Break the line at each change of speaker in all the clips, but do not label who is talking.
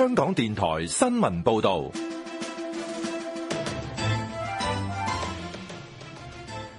香港電台新聞報道，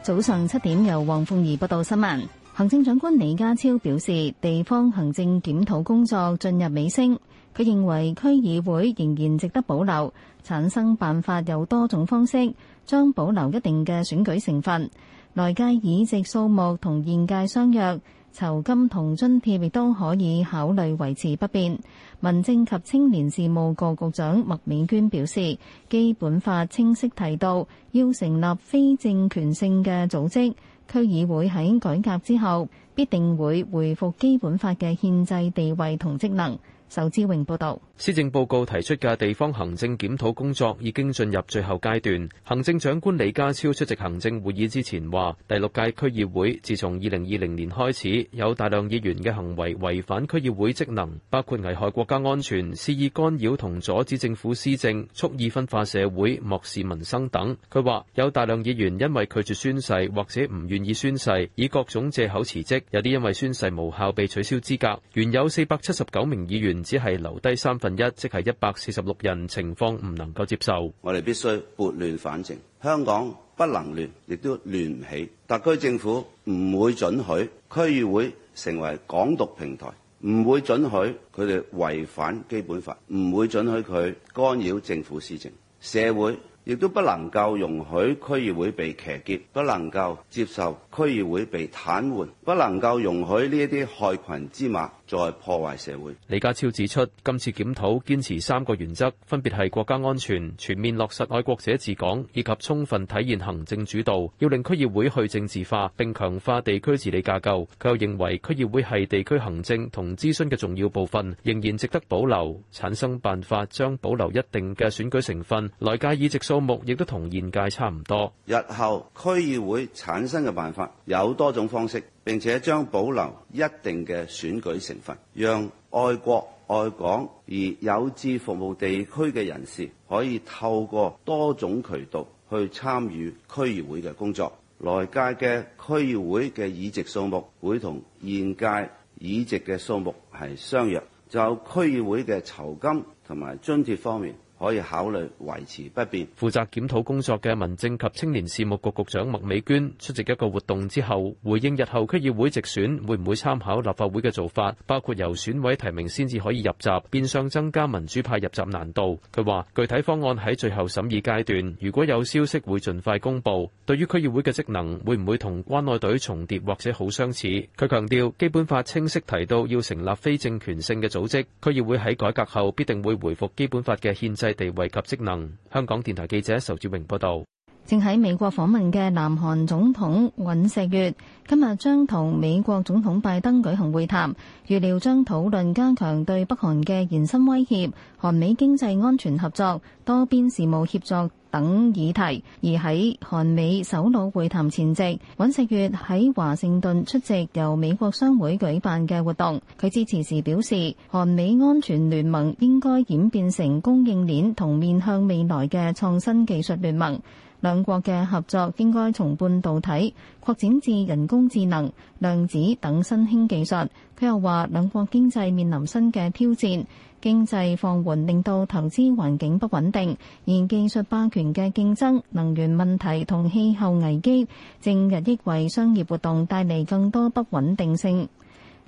早上七點由黃鳳儀報道新聞。行政長官李家超表示，地方行政檢討工作進入尾聲。佢認為區議會仍然值得保留，產生辦法有多種方式，將保留一定嘅選舉成分。內屆議席數目同現屆相約。酬金同津貼亦都可以考慮維持不變。民政及青年事務局局長麥美娟表示，基本法清晰提到要成立非政權性嘅組織，區議會喺改革之後必定會回復基本法嘅憲制地位同職能。仇志榮報道。
施政報告提出嘅地方行政檢討工作已經進入最後階段。行政長官李家超出席行政會議之前話，第六屆區議會自從二零二零年開始，有大量議員嘅行為違反區議會職能，包括危害國家安全、肆意干擾同阻止政府施政、蓄意分化社會、漠視民生等。佢話有大量議員因為拒絕宣誓或者唔願意宣誓，以各種借口辭職，有啲因為宣誓無效被取消資格。原有四百七十九名議員只係留低三。分一，即係一百四十六人。情況唔能夠接受，我哋必須撥亂
反正。香港不能亂，亦都亂唔起。特區政府唔會准許區議會成為港獨平台，唔會准許佢哋違反基本法，唔會准許佢干擾政府施政。社會亦都不能夠容許區議會被騎劫，不能夠接受區議會被癱瘓，不能夠容許呢一啲害羣之馬。再破壞社會。
李家超指出，今次檢討堅持三個原則，分別係國家安全、全面落實愛國者治港以及充分體現行政主導。要令區議會去政治化並強化地區治理架構。佢又認為區議會係地區行政同諮詢嘅重要部分，仍然值得保留。產生辦法將保留一定嘅選舉成分，來屆議席數目亦都同現屆差唔多。日
後區議會產生嘅辦法有多種方式。並且將保留一定嘅選舉成分，讓愛國、愛港而有志服務地區嘅人士可以透過多種渠道去參與區議會嘅工作。來屆嘅區議會嘅議席數目會同現屆議席嘅數目係相若，就區議會嘅酬金同埋津貼方面。
可以考慮維持不變。負責檢討工作嘅民政及青年事務局局長麥美娟出席一個活動之後，回應日後區議會直選會唔會參考立法會嘅做法，包括由選委提名先至可以入閘，變相增加民主派入閘難度。佢話：具體方案喺最後審議階段，如果有消息會盡快公佈。對於區議會嘅職能，會唔會同關愛隊重疊或者好相似？佢強調，《基本法》清晰提到要成立非政權性嘅組織，區議會喺改革後必定會回復《基本法》嘅憲制地位及職能。香港電台記者仇志榮報道。
正喺美國訪問嘅南韓總統尹錫悅，今日將同美國總統拜登舉行會談，預料將討論加強對北韓嘅延伸威脅、韓美經濟安全合作、多邊事務協作。等議題，而喺韓美首腦會談前夕，尹錫悅喺華盛頓出席由美國商會舉辦嘅活動。佢致詞時表示，韓美安全聯盟應該演變成供應鏈同面向未來嘅創新技術聯盟。兩國嘅合作應該從半導體擴展至人工智能、量子等新興技術。佢又話，兩國經濟面臨新嘅挑戰。經濟放緩令到投資環境不穩定，而技術霸權嘅競爭、能源問題同氣候危機，正日益為商業活動帶嚟更多不穩定性。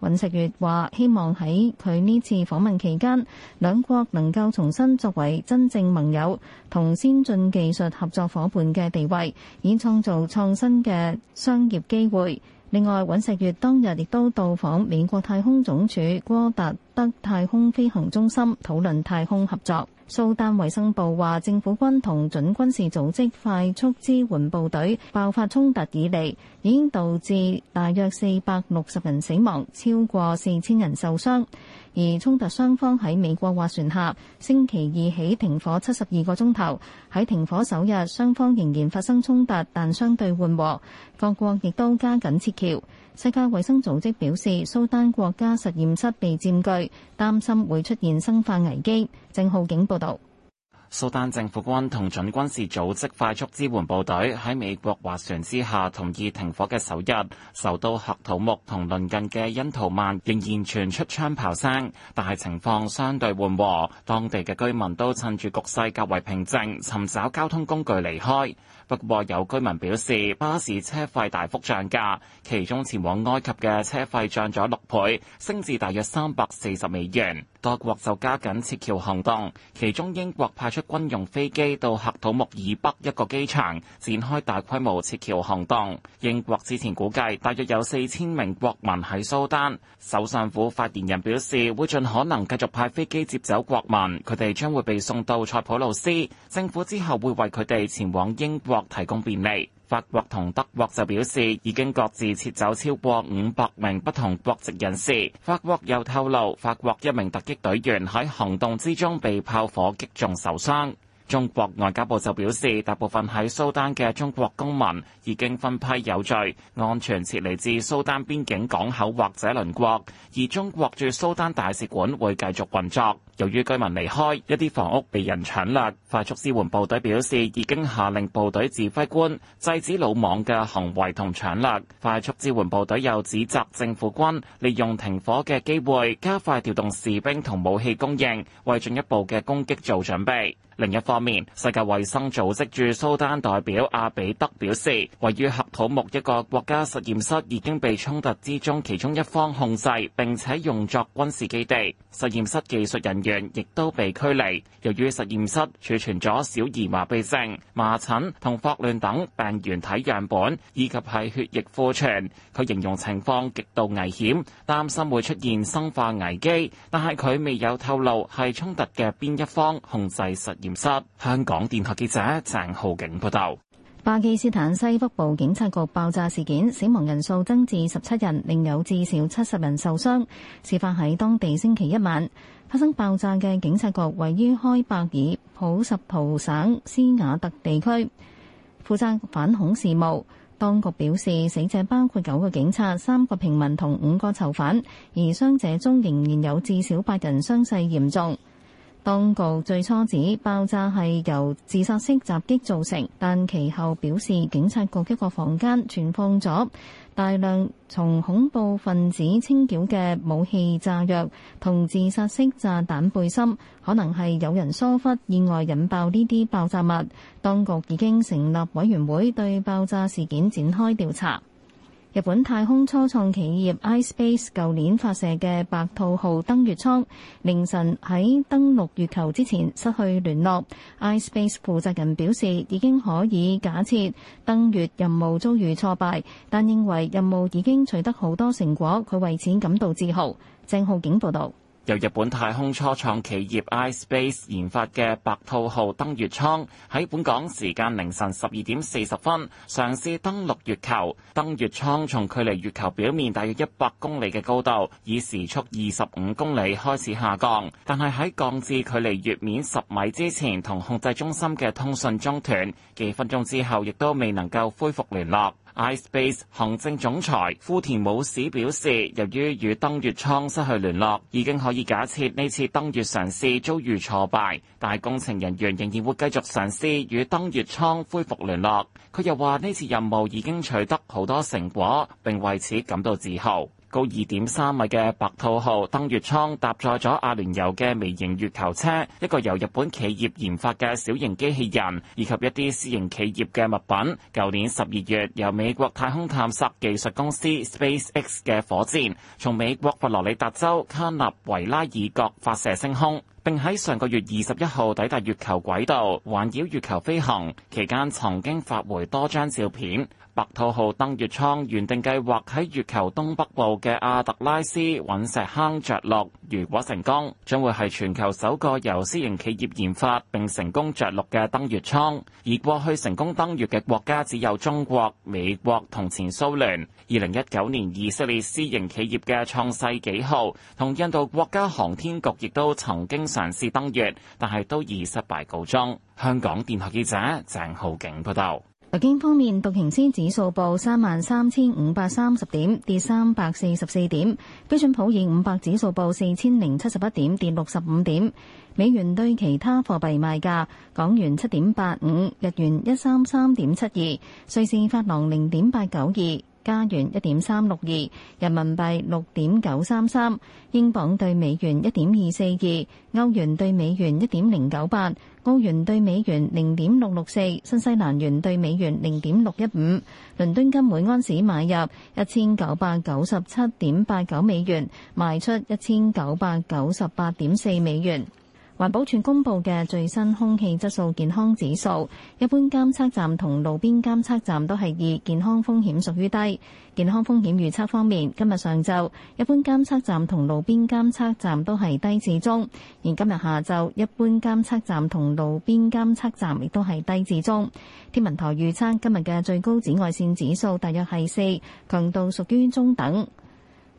尹錫悅話：希望喺佢呢次訪問期間，兩國能夠重新作為真正盟友同先進技術合作伙伴嘅地位，以創造創新嘅商業機會。另外，尹錫悅當日亦都到訪美國太空總署戈達。德太空飛行中心討論太空合作。蘇丹衛生部話政府軍同準軍事組織快速支援部隊爆發衝突以嚟，已經導致大約四百六十人死亡，超過四千人受傷。而衝突雙方喺美國斡旋下，星期二起停火七十二個鐘頭，喺停火首日，雙方仍然發生衝突，但相對緩和。各國亦都加緊撤僑，世界衛生組織表示，蘇丹國家實驗室被佔據，擔心會出現生化危機，鄭浩景報道。
蘇丹政府軍同準軍事組織快速支援部隊喺美國斡旋之下同意停火嘅首日，受到喀土穆同鄰近嘅恩圖曼仍然傳出槍炮聲，但係情況相對緩和，當地嘅居民都趁住局勢較為平靜，尋找交通工具離開。不過有居民表示巴士車費大幅漲價，其中前往埃及嘅車費漲咗六倍，升至大約三百四十美元。多國就加緊撤僑行動，其中英國派出軍用飛機到喀土穆以北一個機場，展開大規模撤僑行動。英國之前估計大約有四千名國民喺蘇丹，首相府發言人表示會盡可能繼續派飛機接走國民，佢哋將會被送到塞浦路斯，政府之後會為佢哋前往英國。提供便利。法國同德國就表示，已經各自撤走超過五百名不同國籍人士。法國又透露，法國一名突擊隊員喺行動之中被炮火擊中受傷。中國外交部就表示，大部分喺蘇丹嘅中國公民已經分批有序安全撤離至蘇丹邊境港口或者鄰國，而中國駐蘇丹大使館會繼續運作。由於居民離開，一啲房屋被人搶掠。快速支援部隊表示已經下令部隊指揮官制止魯莽嘅行為同搶掠。快速支援部隊又指責政府軍利用停火嘅機會加快調動士兵同武器供應，為進一步嘅攻擊做準備。另一方面，世界衛生組織駐蘇丹代表阿比德表示，位於喀土穆一個國家實驗室已經被衝突之中其中一方控制，並且用作軍事基地。實驗室技術人亦都被驅離。由於實驗室儲存咗小兒麻痹症、麻疹同霍亂等病原體樣本，以及係血液庫存，佢形容情況極度危險，擔心會出現生化危機。但係佢未有透露係衝突嘅邊一方控制實驗室。香港電台記者鄭浩景報道。
巴基斯坦西北部警察局爆炸事件，死亡人數增至十七人，另有至少七十人受傷。事發喺當地星期一晚，發生爆炸嘅警察局位於開伯爾普什圖省斯瓦特地區，負責反恐事務。當局表示，死者包括九個警察、三個平民同五個囚犯，而傷者中仍然有至少八人傷勢嚴重。當局最初指爆炸係由自殺式襲擊造成，但其後表示警察局一個房間存放咗大量從恐怖分子清繳嘅武器炸藥同自殺式炸彈背心，可能係有人疏忽意外引爆呢啲爆炸物。當局已經成立委員會對爆炸事件展開調查。日本太空初創企業 iSpace 舊年發射嘅白兔號登月艙，凌晨喺登陸月球之前失去聯絡。iSpace 負責人表示，已經可以假設登月任務遭遇挫敗，但認為任務已經取得好多成果，佢為此感到自豪。鄭浩景報道。
由日本太空初創企業 iSpace 研發嘅白兔號登月艙，喺本港時間凌晨十二點四十分嘗試登陸月球。登月艙從距離月球表面大約一百公里嘅高度，以時速二十五公里開始下降，但係喺降至距離月面十米之前，同控制中心嘅通訊中斷，幾分鐘之後亦都未能夠恢復聯絡。iSpace 行政總裁富田武史表示，由於與登月艙失去聯絡，已經可以假設呢次登月嘗試遭遇挫敗，但係工程人員仍然會繼續嘗試與登月艙恢復聯絡。佢又話呢次任務已經取得好多成果，並為此感到自豪。高二點三米嘅白兔號登月艙搭載咗阿聯酋嘅微型月球車，一個由日本企業研發嘅小型機器人，以及一啲私營企業嘅物品。舊年十二月，由美國太空探索技術公司 SpaceX 嘅火箭，從美國佛羅里達州卡納維拉爾角發射升空。並喺上個月二十一號抵達月球軌道，環繞月球飛行期間曾經發回多張照片。白兔號登月艙原定計劃喺月球東北部嘅阿特拉斯隕石坑着陸，如果成功，將會係全球首個由私營企業研發並成功着陸嘅登月艙。而過去成功登月嘅國家只有中國、美國同前蘇聯。二零一九年以色列私營企業嘅創世紀號同印度國家航天局亦都曾經嘗試登月，但係都以失敗告終。香港電台記者鄭浩景報道。
北京方面，道瓊斯指數報三萬三千五百三十點，跌三百四十四點；標準普爾五百指數報四千零七十一點，跌六十五點。美元對其他貨幣賣價，港元七點八五，日元一三三點七二，瑞士法郎零點八九二。加元一點三六二，人民幣六點九三三，英鎊對美元一點二四二，歐元對美元一點零九八，澳元對美元零點六六四，新西蘭元對美元零點六一五，倫敦金每安士買入一千九百九十七點八九美元，賣出一千九百九十八點四美元。環保署公布嘅最新空氣質素健康指數，一般監測站同路邊監測站都係二，健康風險屬於低。健康風險預測方面，今日上晝一般監測站同路邊監測站都係低至中，而今日下晝一般監測站同路邊監測站亦都係低至中。天文台預測今日嘅最高紫外線指數大約係四，強度屬於中等。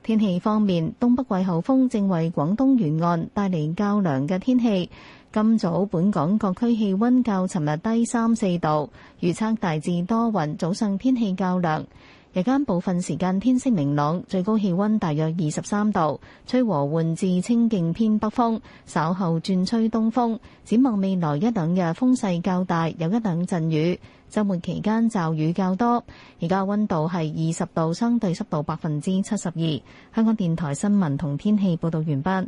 天氣方面，東北季候風正為廣東沿岸帶嚟較涼嘅天氣。今早本港各區氣溫較尋日低三四度，預測大致多雲，早上天氣較涼。日間部分時間天色明朗，最高氣溫大約二十三度，吹和緩至清勁偏北風，稍後轉吹東風。展望未來一兩日風勢較大，有一兩陣雨。週末期間驟雨較多。而家溫度係二十度，相對濕度百分之七十二。香港電台新聞同天氣報道完畢。